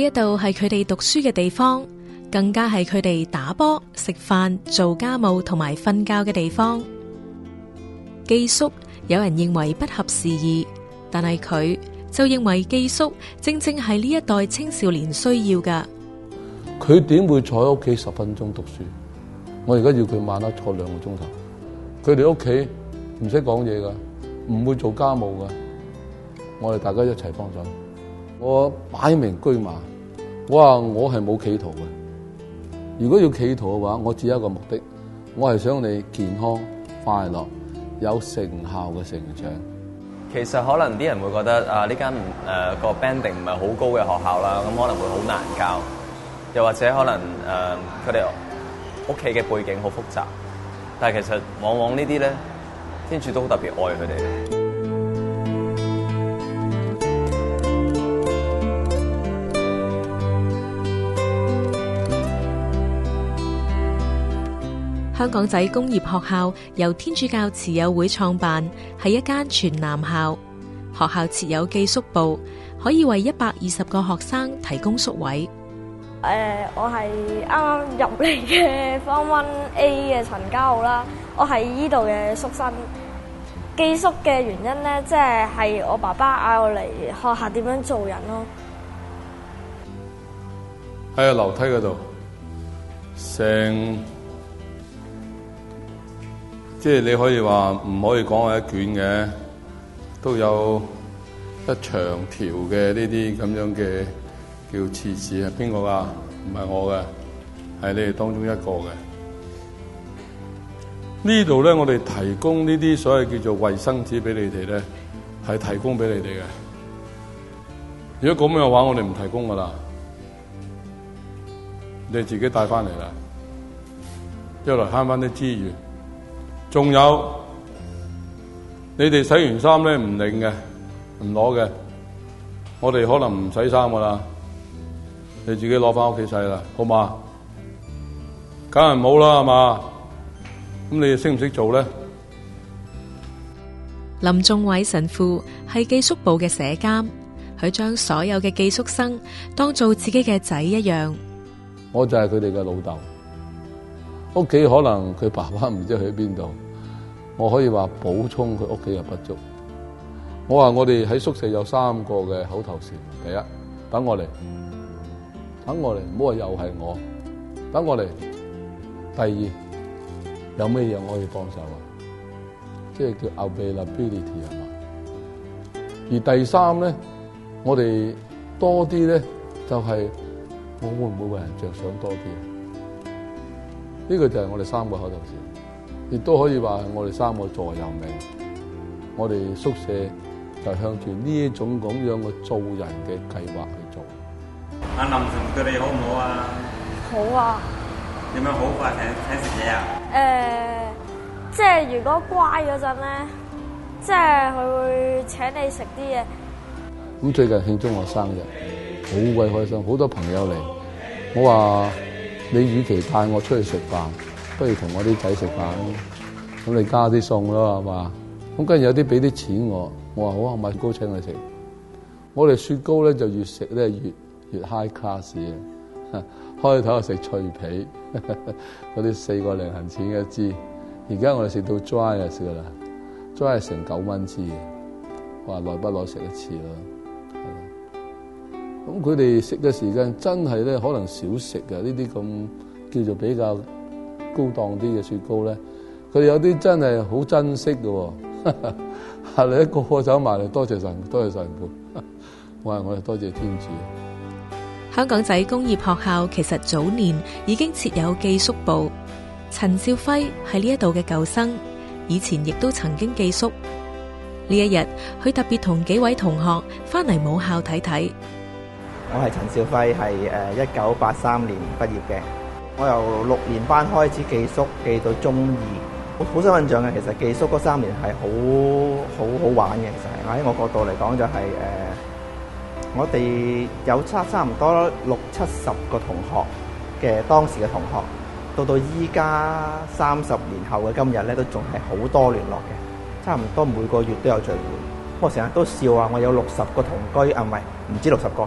呢一度係佢哋讀書嘅地方，更加係佢哋打波、食飯、做家務同埋瞓覺嘅地方。寄宿有人認為不合時宜，但係佢就認為寄宿正正係呢一代青少年需要噶。佢點會坐喺屋企十分鐘讀書？我而家要佢晚黑坐兩個鐘頭。佢哋屋企唔識講嘢噶，唔會做家務噶。我哋大家一齊幫手，我擺明居馬。哇，我話我係冇企圖嘅，如果要企圖嘅話，我只有一個目的，我係想你健康、快樂、有成效嘅成長。其實可能啲人會覺得啊，呢間誒個 banding 唔係好高嘅學校啦，咁可能會好難教，又或者可能誒佢哋屋企嘅背景好複雜，但係其實往往這些呢啲咧，天主都好特別愛佢哋。香港仔工業學校由天主教慈幼會創辦，係一間全男校。學校設有寄宿部，可以為一百二十個學生提供宿位。誒、呃，我係啱啱入嚟嘅 Form One A 嘅陳家傲啦，我係依度嘅宿生。寄宿嘅原因咧，即係係我爸爸嗌我嚟學校點樣做人咯。喺個樓梯嗰度，成。即係你可以話唔可以講我一卷嘅，都有一長條嘅呢啲咁樣嘅叫廁紙啊？邊個㗎？唔係我嘅，係你哋當中一個嘅。這裡呢度咧，我哋提供呢啲所謂叫做衛生紙俾你哋咧，係提供俾你哋嘅。如果咁樣嘅話，我哋唔提供噶啦，你自己帶翻嚟啦，一來慳翻啲資源。仲有，你哋洗完衫咧唔擰嘅，唔攞嘅，我哋可能唔洗衫噶啦，你自己攞翻屋企洗啦，好嘛？梗係唔好啦，係嘛？咁你哋識唔識做咧？林仲偉神父係寄宿部嘅舍監，佢將所有嘅寄宿生當做自己嘅仔一樣，我就係佢哋嘅老豆。屋企可能佢爸爸唔知去邊度，我可以話補充佢屋企嘅不足。我話我哋喺宿舍有三個嘅口頭禪：第一，等我嚟，嗯，等我嚟，唔好話又係我，等我嚟。第二，有咩嘢我可以幫手啊？即係叫 Availability 啊嘛？而第三咧，我哋多啲咧，就是，就係我會唔會為人着想多啲啊？呢個就係我哋三個口頭禪，亦都可以話係我哋三個座右銘。我哋宿舍就向住呢一種咁樣嘅做人嘅計劃去做。阿林對你好唔好啊？好啊。有冇好快請請食嘢啊？誒、呃，即係如果乖嗰陣咧，即係佢會請你食啲嘢。咁最近慶祝我生日，好鬼開心，好多朋友嚟。我話，你與其帶我出去食飯，不如同我啲仔食飯咯。咁你加啲餸咯，係嘛？咁跟住有啲俾啲錢我，我話好啊，買雪糕請佢食。我哋雪糕咧就越食咧越越 high class 啊！ 開頭啊食脆皮嗰啲 四個零行錢一支，而家我哋食到 dry 啊食啦，dry 成九蚊一支，話 耐不耐食一次啦？咁佢哋食嘅時間真係咧，可能少食嘅呢啲咁叫做比較高檔啲嘅雪糕咧。佢有啲真係好珍惜嘅，係你個個走埋嚟，多謝神，多謝神父，我係我哋多謝天主。香港仔工業學校其實早年已經設有寄宿部。陳兆輝喺呢一度嘅舊生，以前亦都曾經寄宿。呢一日，佢特別同幾位同學翻嚟母校睇睇。我係陳少輝，係誒一九八三年畢業嘅。我由六年班開始寄宿，寄到中二，好好想印象嘅。其實寄宿嗰三年係好好好玩嘅，就係喺我角度嚟講，就係誒我哋有差差唔多六七十個同學嘅當時嘅同學，到到依家三十年後嘅今日咧，都仲係好多聯絡嘅，差唔多每個月都有聚會。我成日都笑話，我有六十個同居啊，唔係唔知六十個。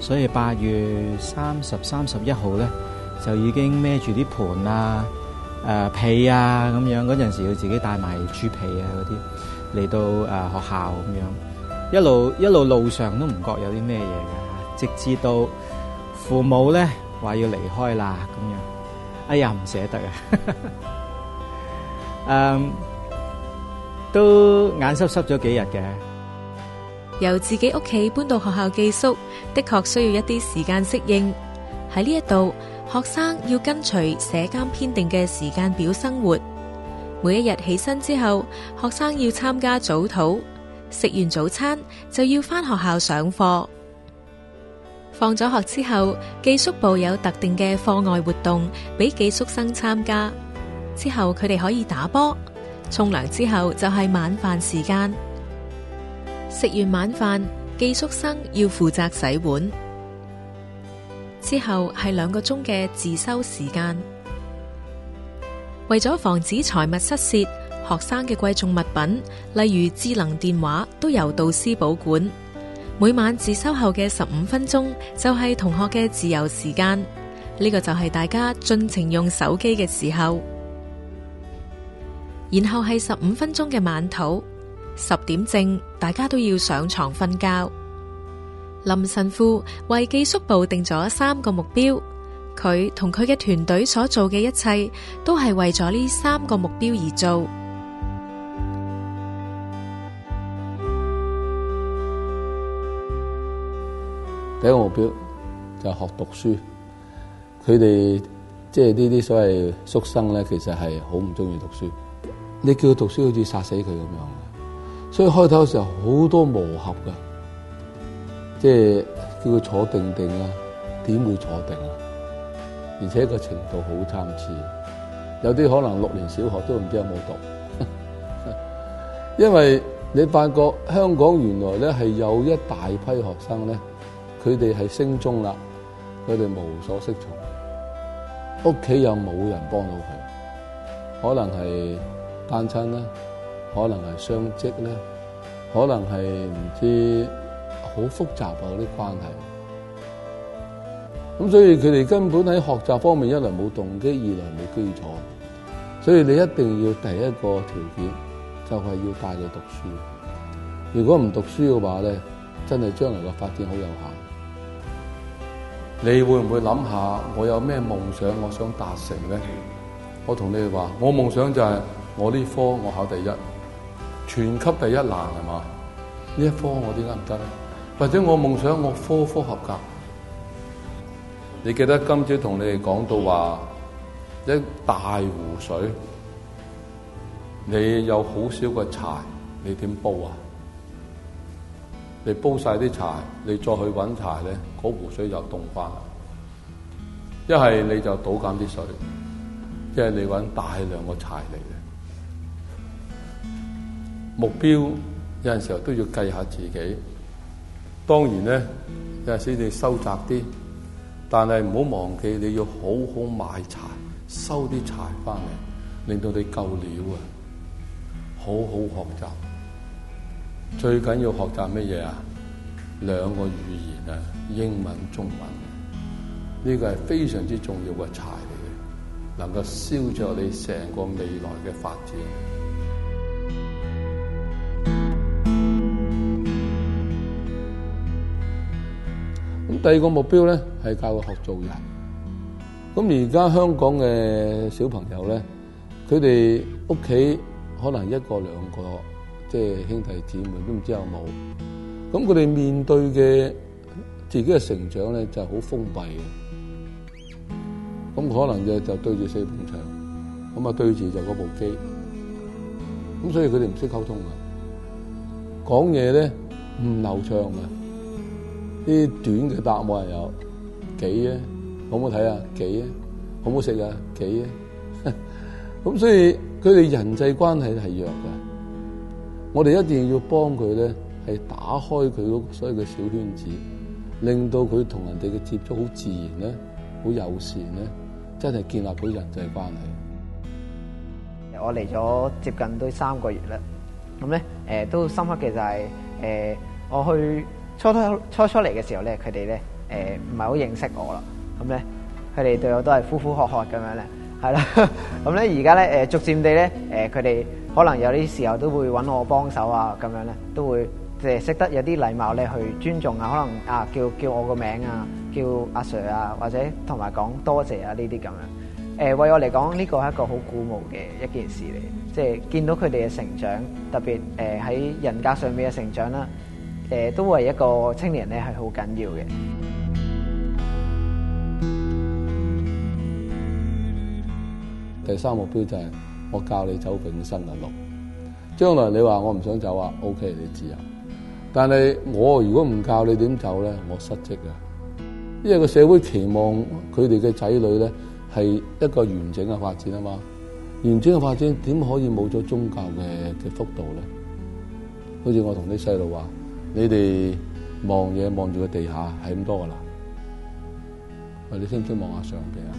所以八月三十三十一號咧，就已經孭住啲盤啊、誒、呃、被啊咁樣嗰陣時，要自己帶埋豬皮啊嗰啲嚟到誒、呃、學校咁樣，一路一路路上都唔覺有啲咩嘢嘅，直至到父母咧話要離開啦咁樣，哎呀唔捨得啊， 嗯、都眼濕濕咗幾日嘅。由自己屋企搬到學校寄宿，的確需要一啲時間適應。喺呢一度，學生要跟隨舍監編定嘅時間表生活。每一日起身之後，學生要參加早禱，食完早餐就要返學校上課。放咗學之後，寄宿部有特定嘅課外活動俾寄宿生參加。之後佢哋可以打波，沖涼之後就係晚飯時間。食完晚飯，寄宿生要負責洗碗。之後係兩個鐘嘅自修時間，為咗防止財物失竊，學生嘅貴重物品，例如智能電話，都由導師保管。每晚自修後嘅十五分鐘就係、是、同學嘅自由時間，呢、這個就係大家盡情用手機嘅時候。然後係十五分鐘嘅晚禱。十點正，大家都要上床瞓覺。林神父為寄宿部定咗三個目標，佢同佢嘅團隊所做嘅一切，都係為咗呢三個目標而做。第一個目標就係學讀書。佢哋即係呢啲所謂宿生咧，其實係好唔中意讀書。你叫佢讀書，好似殺死佢咁樣。所以開頭嘅時候好多磨合嘅，即係叫佢坐定定啊，點會坐定啊？而且個程度好參差，有啲可能六年小學都唔知有冇讀呵呵。因為你發覺香港原來咧係有一大批學生咧，佢哋係升中啦，佢哋無所適從，屋企又冇人幫到佢，可能係單親啦。可能係相積咧，可能係唔知好複雜嗰啲關係，咁所以佢哋根本喺學習方面，一來冇動機，二來冇基礎，所以你一定要第一個條件就係、是、要帶你讀書。如果唔讀書嘅話咧，真係將來嘅發展好有限。你會唔會諗下我有咩夢想？我想達，我想達成咧？我同你哋話，我夢想就係我呢科我考第一。全級第一難係嘛？呢一科我點解唔得咧？或者我夢想我科科合格？你記得今朝同你哋講到話，一大湖水，你有好少個柴，你點煲啊？你煲晒啲柴，你再去揾柴咧，嗰湖水就凍返。一係你就倒減啲水，一係你揾大量個柴嚟嘅。目標有時候都要計下自己。當然咧，有陣時你收窄啲，但係唔好忘記你要好好買柴，收啲柴翻嚟，令到你夠料啊！好好學習，最緊要學習乜嘢啊？兩個語言啊，英文、中文。呢個係非常之重要嘅柴嚟嘅，能夠燒着你成個未來嘅發展。第二個目標咧係教佢學做人。咁而家香港嘅小朋友咧，佢哋屋企可能一個兩個，即係兄弟姊妹都唔知有冇。咁佢哋面對嘅自己嘅成長咧，就係好封閉嘅。咁可能就就對住四埲牆，咁啊，對住就嗰部機。咁所以佢哋唔識溝通嘅，講嘢咧唔流暢嘅。啲短嘅答案係有幾啊？好唔好睇啊？幾啊？好唔好食啊？幾啊？咁 所以佢哋人際關係係弱嘅，我哋一定要幫佢咧，係打開佢嗰所有嘅小圈子，令到佢同人哋嘅接觸好自然咧，好友善咧，真係建立到人際關係。我嚟咗接近都三個月啦，咁咧誒都深刻嘅就係、是、誒、呃、我去。初初初初嚟嘅時候咧，佢哋咧誒唔係好認識我啦，咁咧佢哋對我都係呼呼喝喝咁樣咧，係啦，咁咧而家咧誒逐漸地咧誒佢哋可能有啲時候都會搵我幫手啊，咁樣咧都會即係識得有啲禮貌咧去尊重啊，可能啊叫叫我個名啊，叫阿 Sir 啊，或者同埋講多謝啊呢啲咁樣，誒、呃、為我嚟講呢個係一個好鼓舞嘅一件事嚟，即係見到佢哋嘅成長，特別誒喺人格上面嘅成長啦、啊。誒，都係一個青年咧，係好緊要嘅。第三目標就係我教你走永生嘅路。將來你話我唔想走啊，OK，你自由。但係我如果唔教你點走咧，我失職啊。因為個社會期望佢哋嘅仔女咧係一個完整嘅發展啊嘛。完整嘅發展點可以冇咗宗教嘅嘅幅度呢？咧？好似我同啲細路話。你哋望嘢望住個地下係咁多噶啦，喂，你識唔識望下上邊啊？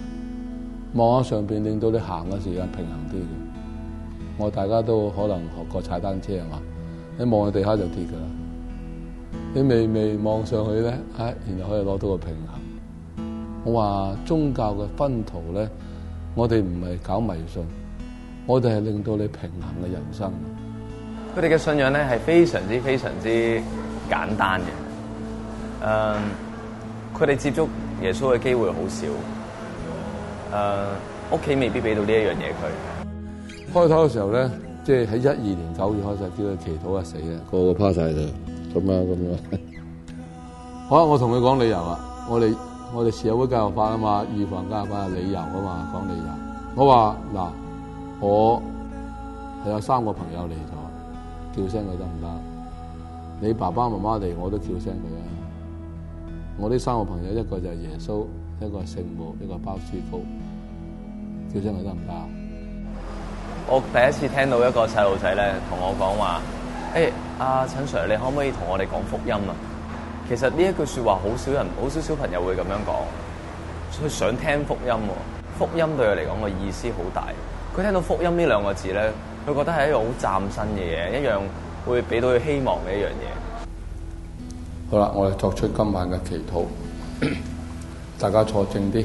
望下上邊令到你行嘅時間平衡啲嘅。我大家都可能學過踩單車啊嘛，你望下地下就跌噶啦，你微微望上去咧，唉、哎，然後可以攞到個平衡。我話宗教嘅分途咧，我哋唔係搞迷信，我哋係令到你平衡嘅人生。佢哋嘅信仰咧，係非常之非常之簡單嘅。嗯，誒，佢哋接觸耶穌嘅機會好少，誒、嗯，屋企未必俾到呢一樣嘢佢。開頭嘅時候咧，即係喺一二年九月開始，叫佢祈禱啊死個個這樣啊，個個趴晒度，咁樣咁樣，好啦，我同佢講理由啊，我哋我哋社會教育法啊嘛，預防教育法啊理由啊嘛，講理由，我話嗱，我係有三個朋友嚟。叫聲佢得唔得？你爸爸媽媽嚟，我都叫聲佢啊！我呢三個朋友，一個就係耶穌，一個係聖母，一個鮑思高。叫聲佢得唔得？我第一次聽到一個細路仔咧同我講話，誒、欸，阿陳 sir，你可唔可以同我哋講福音啊？其實呢一句說話好少人，好少小朋友會咁樣講。佢想聽福音，福音對佢嚟講嘅意思好大。佢聽到福音呢兩個字咧。佢覺得係一個好嶄新嘅嘢，一樣會俾到佢希望嘅一樣嘢。好啦，我哋作出今晚嘅祈禱， 大家坐正啲，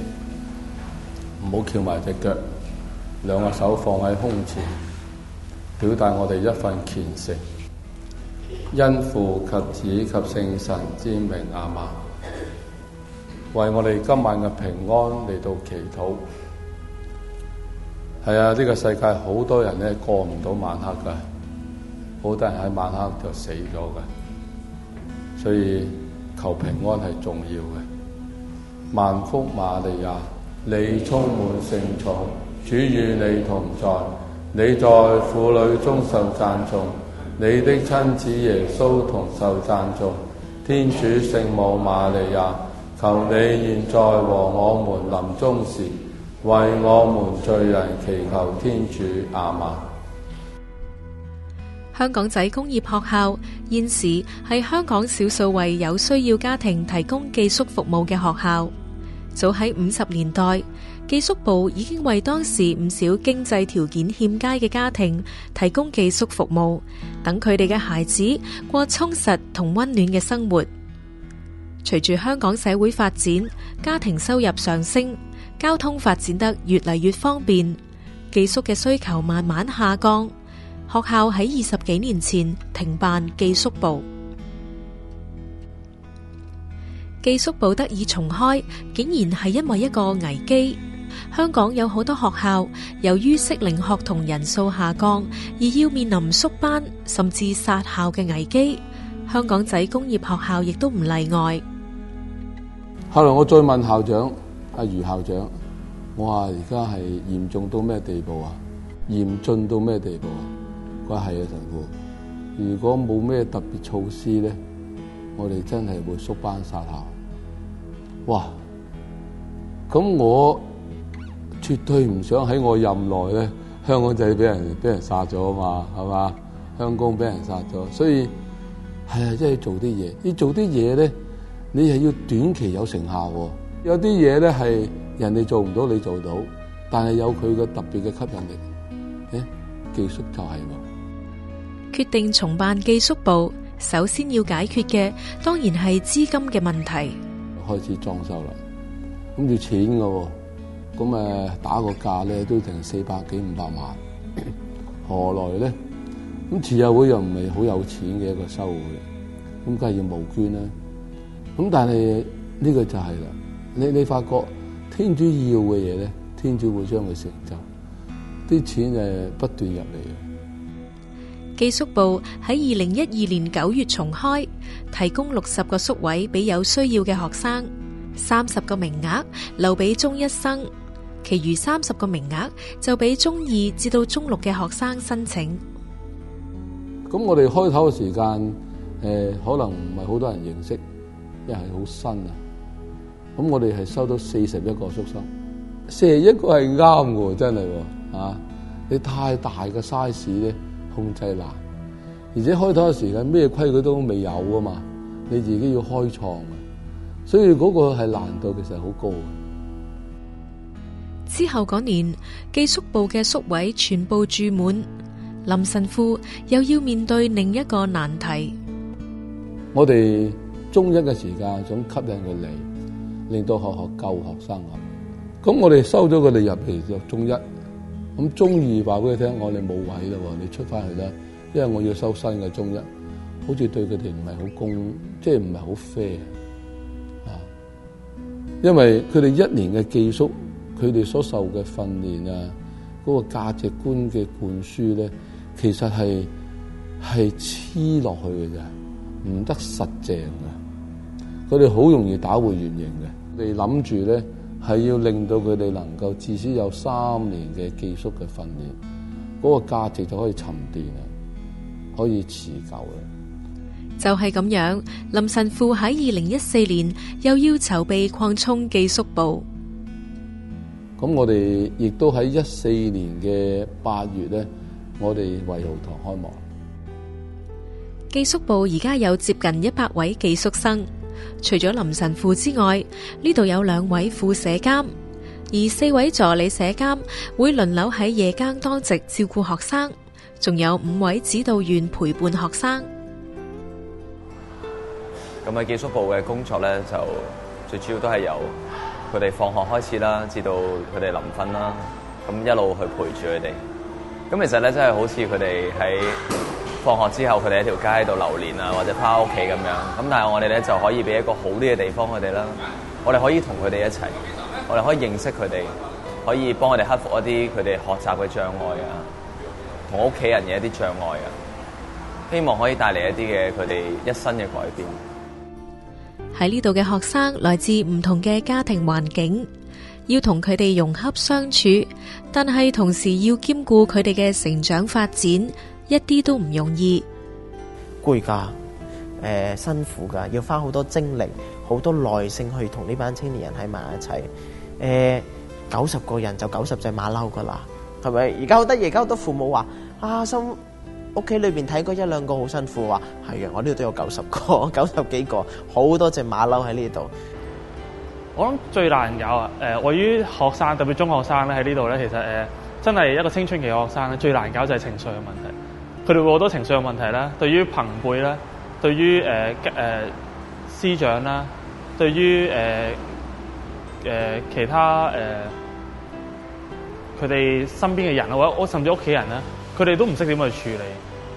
唔好翹埋隻腳，兩個手放喺胸前，表達我哋一份虔誠。因父及子及聖神之名，亞孟，為我哋今晚嘅平安嚟到祈禱。係啊！呢、這個世界好多人呢過唔到晚黑噶，好多人喺晚黑就死咗噶，所以求平安係重要嘅。萬福瑪利亞，你充滿聖寵，主與你同在，你在婦女中受讚頌，你的親子耶穌同受讚頌。天主聖母瑪利亞，求你現在和我們臨終時。為我們罪人祈求天主阿們。香港仔工業學校現時係香港少數為有需要家庭提供寄宿服務嘅學校。早喺五十年代，寄宿部已經為當時唔少經濟條件欠佳嘅家庭提供寄宿服務，等佢哋嘅孩子過充實同溫暖嘅生活。隨住香港社會發展，家庭收入上升，交通發展得越嚟越方便，寄宿嘅需求慢慢下降。學校喺二十幾年前停辦寄宿部，寄宿部得以重開，竟然係因為一個危機。香港有好多學校由於適齡學童人數下降，而要面臨縮班甚至殺校嘅危機。香港仔工業學校亦都唔例外。後來我再問校長。阿余校長，我話而家係嚴重到咩地步啊？嚴峻到咩地步啊？佢係啊，神父。如果冇咩特別措施咧，我哋真係會縮班殺校。哇！咁我絕對唔想喺我任內咧，香港仔俾人俾人殺咗啊嘛，係嘛？香港俾人殺咗，所以係啊，真係做啲嘢。要做啲嘢咧，你係要短期有成效。有啲嘢咧係人哋做唔到，你做到，但係有佢嘅特別嘅吸引力。誒、哎，寄宿就係喎。決定重辦寄宿部，首先要解決嘅當然係資金嘅問題。開始裝修啦，咁要錢嘅喎、哦，咁誒打個價咧都成四百幾五百萬，何來咧？咁慈幼會又唔係好有錢嘅一個收會，咁梗係要募捐啦。咁但係呢、這個就係啦。你你發覺天主要嘅嘢咧，天主會將佢成就，啲錢誒不斷入嚟啊！寄宿部喺二零一二年九月重開，提供六十個宿位俾有需要嘅學生，三十個名額留俾中一生，其餘三十個名額就俾中二至到中六嘅學生申請。咁我哋開頭嘅時間誒、呃，可能唔係好多人認識，因為係好新啊。咁我哋係收到四十一個宿生，四十一個係啱嘅，真係，啊！你太大嘅 size 咧，控制難，而且開拓嘅時間咩規矩都未有啊嘛，你自己要開創啊，所以嗰個係難度其實好高。之後嗰年寄宿部嘅宿位全部住滿，林神父又要面對另一個難題。我哋中一嘅時間想吸引佢嚟。令到學校救學生啊！咁我哋收咗佢哋入嚟做中一，咁中二話俾佢聽，我哋冇位啦，你出翻去啦，因為我要收新嘅中一，好似對佢哋唔係好公，即係唔係好 fair 啊！因為佢哋一年嘅寄宿，佢哋所受嘅訓練啊，嗰個價值觀嘅灌輸咧，其實係係黐落去嘅啫，唔得實正嘅，佢哋好容易打回原形嘅。我哋諗住咧，係要令到佢哋能夠至少有三年嘅寄宿嘅訓練，嗰、那個價值就可以沉澱啊，可以持久啊。就係咁樣，林神父喺二零一四年又要籌備擴充寄宿部。咁我哋亦都喺一四年嘅八月咧，我哋惠豪堂開幕。寄宿部而家有接近一百位寄宿生。.除咗林神父之外，呢度有兩位副社監，而四位助理社監會輪流喺夜間當值照顧學生，仲有五位指導員陪伴學生。咁喺結束部嘅工作咧，就最主要都係由佢哋放學開始啦，至到佢哋臨瞓啦，咁一路去陪住佢哋。咁其實咧，真係好似佢哋喺。放學之後，佢哋喺條街度流連啊，或者返屋企咁樣。咁但係我哋咧就可以俾一個好啲嘅地方佢哋啦。我哋可以同佢哋一齊，我哋可以認識佢哋，可以幫我哋克服一啲佢哋學習嘅障礙啊，同屋企人嘅一啲障礙啊。希望可以帶嚟一啲嘅佢哋一生嘅改變。喺呢度嘅學生來自唔同嘅家庭環境，要同佢哋融洽相處，但係同時要兼顧佢哋嘅成長發展。一啲都唔容易，攰噶，誒、呃，辛苦噶，要花好多精力、好多耐性去同呢班青年人喺埋一齊。誒、呃，九十個人就九十隻馬騮噶啦，係咪？而家好得意，而家好多父母話阿、啊、心屋企裏邊睇過一兩個好辛苦，話係啊，我呢度都有九十個、九十幾個，好多隻馬騮喺呢度。我諗最難搞啊，誒、呃，位於學生，特別中學生咧，喺呢度咧，其實誒、呃，真係一個青春期嘅學生咧，最難搞就係情緒嘅問題。佢哋好多情緒嘅問題啦，對於朋輩啦，對於誒誒師長啦，對於誒誒其他誒佢哋身邊嘅人啊，或者我甚至屋企人咧，佢哋都唔識點去處理誒、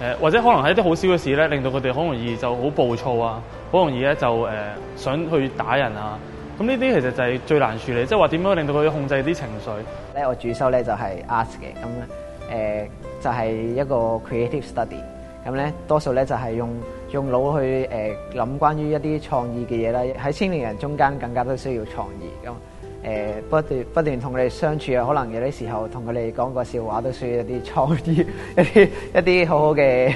呃，或者可能係一啲好小嘅事咧，令到佢哋好容易就好暴躁啊，好容易咧就誒、呃、想去打人啊。咁呢啲其實就係最難處理，即係話點樣令到佢控制啲情緒咧？我主修咧就係 ASK 嘅咁誒。就係一個 creative study，咁咧多數咧就係、是、用用腦去誒諗、呃、關於一啲創意嘅嘢啦。喺青年人中間更加都需要創意咁誒、呃、不斷不斷同佢哋相處啊，可能有啲時候同佢哋講個笑話都需要一啲創意， 一啲一啲好嘅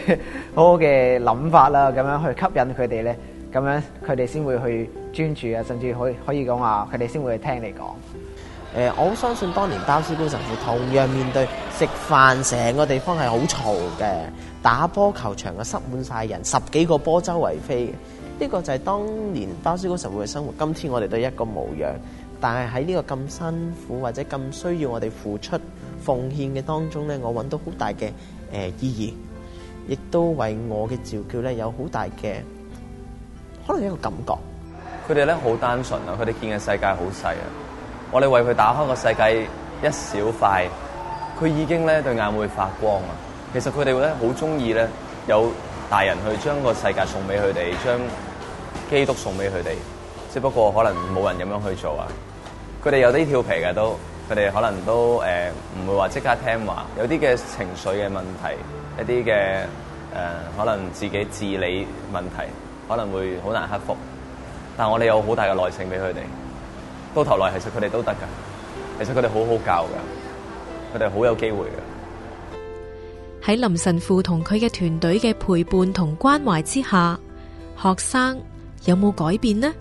好嘅好好嘅諗法啦，咁樣去吸引佢哋咧，咁樣佢哋先會去專注啊，甚至可以可以講話佢哋先會聽你講。誒，我相信當年鮑思高神父同樣面對食飯，成個地方係好嘈嘅，打波球，球場啊塞滿晒人，十幾個波周圍飛嘅，呢、呢個就係當年鮑思高神父嘅生活。今天我哋都一個模樣，但係喺呢個咁辛苦或者咁需要我哋付出奉獻嘅當中咧，我搵到好大嘅誒、呃、意義，亦都為我嘅召叫咧有好大嘅，可能一個感覺。佢哋咧好單純啊，佢哋見嘅世界好細啊。我哋為佢打開個世界一小塊，佢已經咧對眼會發光啊！其實佢哋咧好鍾意咧有大人去將個世界送俾佢哋，將基督送俾佢哋。只不過可能冇人咁樣去做啊！佢哋有啲跳皮嘅都，佢哋可能都誒唔、呃、會話即刻聽話，有啲嘅情緒嘅問題，一啲嘅誒可能自己自理問題可能會好難克服。但係我哋有好大嘅耐性俾佢哋。到頭來，其實佢哋都得噶，其實佢哋好好教噶，佢哋好有機會噶。喺林神父同佢嘅團隊嘅陪伴同關懷之下，學生有冇改變呢？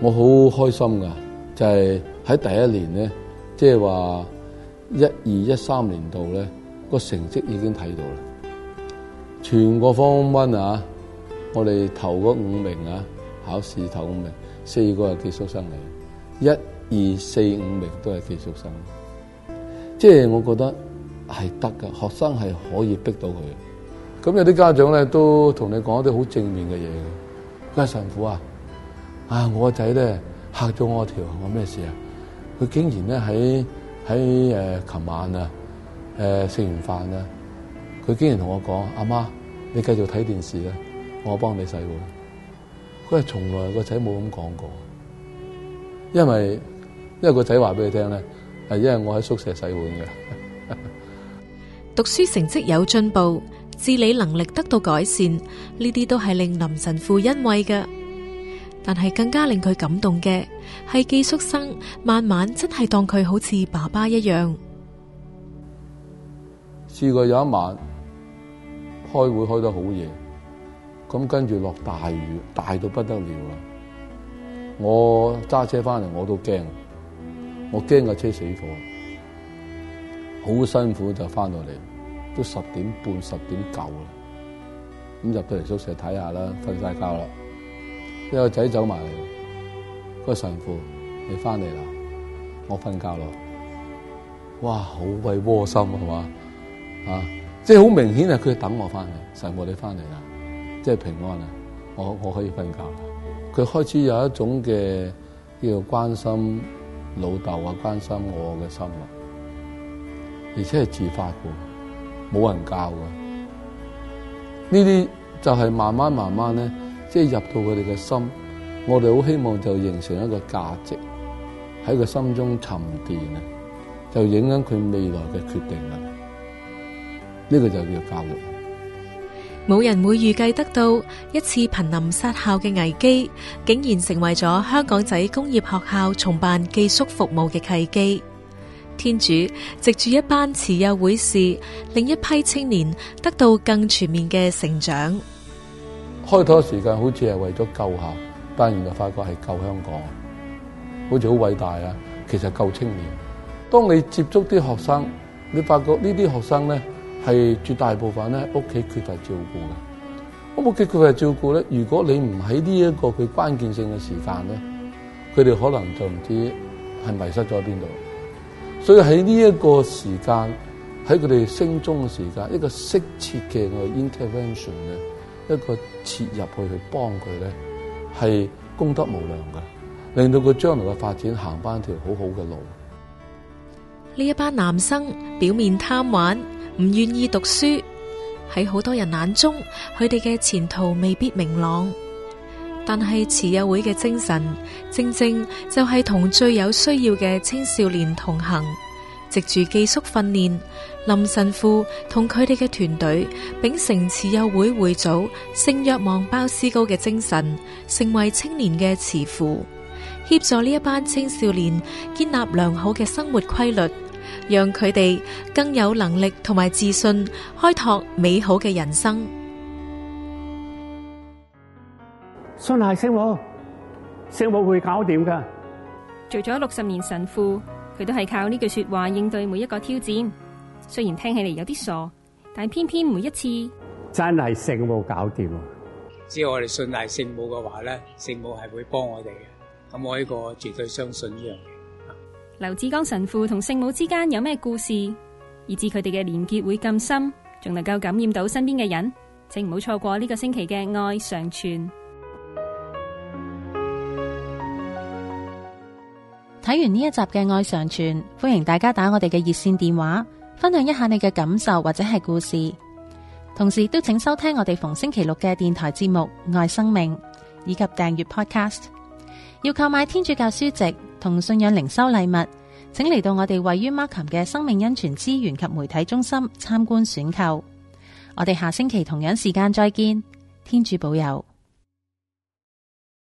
我好開心噶，就係、是、喺第一年咧，即係話一二一三年度咧，個成績已經睇到啦。全個 Form 1啊，我哋頭嗰五名啊，考試頭五名。四個係寄宿生嚟，一二四五名都係寄宿生，即係我覺得係得㗎，學生係可以逼到佢。咁有啲家長咧都同你講啲好正面嘅嘢，佢話神父啊，啊我個仔咧吓咗我條，我咩事啊？佢竟然咧喺喺誒琴晚啊，誒、呃、食完飯啊，佢竟然同我講阿媽,媽，你繼續睇電視啊，我幫你洗碗。佢係從來個仔冇咁講過，因為因為個仔話俾佢聽咧，係因為我喺宿舍洗碗嘅。 讀書成績有進步，自理能力得到改善，呢啲都係令林神父欣慰嘅。但係更加令佢感動嘅，係寄宿生慢慢真係當佢好似爸爸一樣。試過有一晚開會開得好夜。咁跟住落大雨，大到不得了啦，我揸車翻嚟，我都驚，我驚個車死火，好辛苦就翻到嚟，都十點半，十點九啦。咁入到嚟宿舍睇下啦，瞓晒覺啦。一個仔走埋嚟，個神父，你翻嚟啦，我瞓覺咯。哇，好鬼窩心啊係嘛啊！即係好明顯啊，佢等我翻嚟，神父你翻嚟啦。即係平安啊！我我可以瞓覺啦。佢開始有一種嘅，叫做、這個、關心老豆啊，關心我嘅心啊，而且係自發嘅，冇人教嘅。呢啲就係慢慢慢慢咧，即、就、係、是、入到佢哋嘅心。我哋好希望就形成一個價值喺佢心中沉澱啊，就影響佢未來嘅決定啊。呢、這個就叫教育。冇人會預計得到一次瀕臨失效嘅危機，竟然成為咗香港仔工業學校重辦寄宿服務嘅契機。天主藉住一班慈幼會士，另一批青年得到更全面嘅成長。開拓時間好似係為咗救校，但原來發覺係救香港，好似好偉大啊！其實係救青年。當你接觸啲學生，你發覺呢啲學生咧，係絕大部分咧，屋企缺乏照顧嘅。屋企缺乏照顧咧，如果你唔喺呢一個佢關鍵性嘅時間咧，佢哋可能就唔知係迷失咗喺邊度。所以喺呢一個時間，喺佢哋升中嘅時間，一個適切嘅我 intervention 嘅一個切入去去幫佢咧，係功德無量嘅，令到佢將來嘅發展行翻一條好好嘅路。呢一班男生表面貪玩。唔願意讀書，喺好多人眼中，佢哋嘅前途未必明朗。但係慈幼會嘅精神，正正就係同最有需要嘅青少年同行，藉住寄宿訓練，林神父同佢哋嘅團隊，秉承慈幼會會祖聖若望包思高嘅精神，成為青年嘅慈父，協助呢一班青少年建立良好嘅生活規律。讓佢哋更有能力同埋自信，開拓美好嘅人生。信賴聖母，聖母會搞掂噶。做咗六十年神父，佢都係靠呢句說話應對每一個挑戰。雖然聽起嚟有啲傻，但偏偏每一次真係聖母搞掂。啊。只要我哋信賴聖母嘅話咧，聖母係會幫我哋嘅。咁我呢個我絕對相信呢樣。劉志剛神父同聖母之間有咩故事，以致佢哋嘅連結會咁深，仲能夠感染到身邊嘅人？請唔好錯過呢個星期嘅愛常傳。睇完呢一集嘅愛常傳，歡迎大家打我哋嘅熱線電話，分享一下你嘅感受或者係故事。同時都請收聽我哋逢星期六嘅電台節目《愛生命》，以及訂閱 Podcast。要購買天主教書籍，同信仰靈修禮物，請嚟到我哋位於 Markham 嘅生命恩泉資源及媒體中心參觀選購。我哋下星期同樣時間再見，天主保佑。